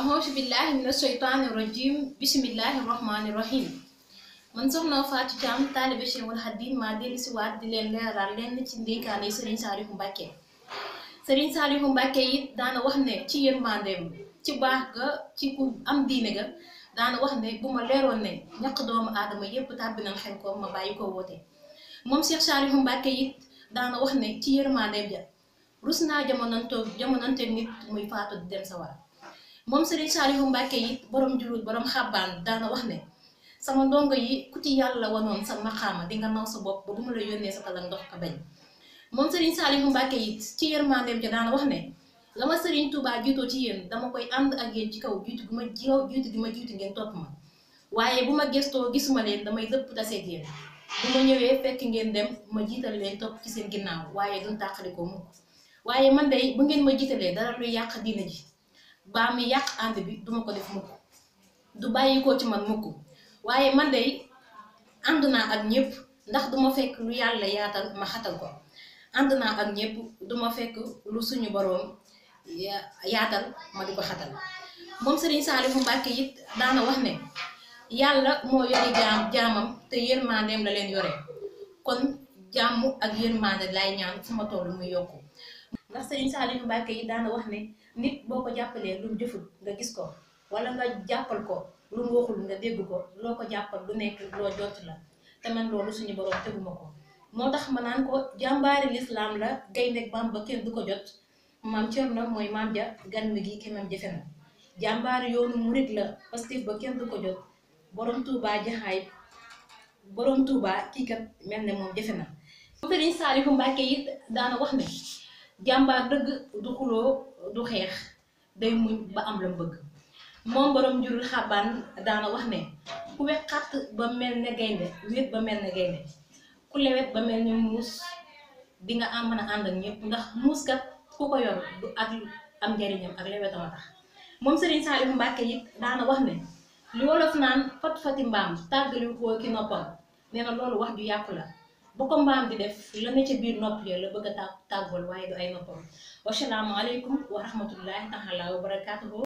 ahosu billahi mina sheytaani rajim bisimillahi rahmaani rahim man soxna Fatou di leen leeral lenn ci ndénkaane yi Serigne Saliou Mbacké Serigne Saliou Mbacké it daana wax ne ci yërmandeem ci baax ga ci ku am diine ga daana wax ne bu ma leeroon ne ñaq doomu aadama yépp tàbbi nañ xel ko ma bàyyi ko woote moom Cheikh Saliou Mbacké it daana wax ne ci yërmandeem ja rus naa jamonantoo nit muy faatu di dem moom Serigne Saliou Mbacke yi boroom julul borom xabaan daana wax ne sama ndongo yi ku yàlla wanoon sa maqaama di nga naw sa bopp ba bu ma la yónnee sa kala ndox ka bañ moom Serigne Saliou Mbacke yi ci yërmandeem ja daana wax ne la ma Serigne Touba jiitoo ci yéen dama koy ànd ak yéen ci kaw jiitu gi ma jiw jiitu ma jiitu ngeen topp ma waaye bu ma gestoo gisuma leen damay lëpp taseeg yéen bu ma ñëwee fekk ngeen dem ma jiital leen topp ci seen ginnaaw waaye duñ ko mukk waaye man day bu ngeen ma jiitalee dara luy yàq diina ji baa mi yàq ànd bi duma ko def mukk du bàyyi ko ci man mukk waaye man de ànd naa ak ñëpp ndax duma fekk lu yàlla yaatal ma xatal ko ànd naa ak ñëpp duma fekk lu suñu boroom yaatal ma di ko xatal moom Serigne Saliou Mbacké it daana wax ne yàlla moo yore jaamam te yërmandeem la leen yore kon jàmm ak yërmande lay ñaan fu ma tollu muy yokku ndax sëñ Saliou Mbacke yi daana wax ne nit boo ko jàppalee lu jëful nga gis ko wala nga jàppal ko lu mu nga dégg ko loo ko jàppal lu nekk loo jot la te loolu suñu borom teguma ko moo tax ma naan ko jàmbaari lislaam la gaynde Bamba kenn du ko jot maam Cerno mooy maam ja gi kemam jafe na yoonu murit la Pastef ba kenn du ko jot borom Touba jaxaay borom Touba kii kat mel ne moom jafe na. sëriñ Saliou Mbacke yi daana wax ne. jàmbaar dëgg du xuloo du xeex day muñ ba am la bëgg moom borom njurul xabaan daana wax ne ku wex xàtt ba mel ne gaynde wéet ba mel ne gaynde ku lewet ba mel ne muus di nga am mën a ànd ndax muus kat ku ko yor du ak am njariñam ak lewetam a tax moom Serigne Saliou Mbacke it daana wax ne li wolof naan fat fati mbaam tàggali ki noppam nee na loolu wax ju yàqu la bu ko mbaam di def la ne ci biir nopp la bëgg a tàggool waaye du ay noppam wassalaamu aleykum wa rahmatullahi taala wa barakaatuhu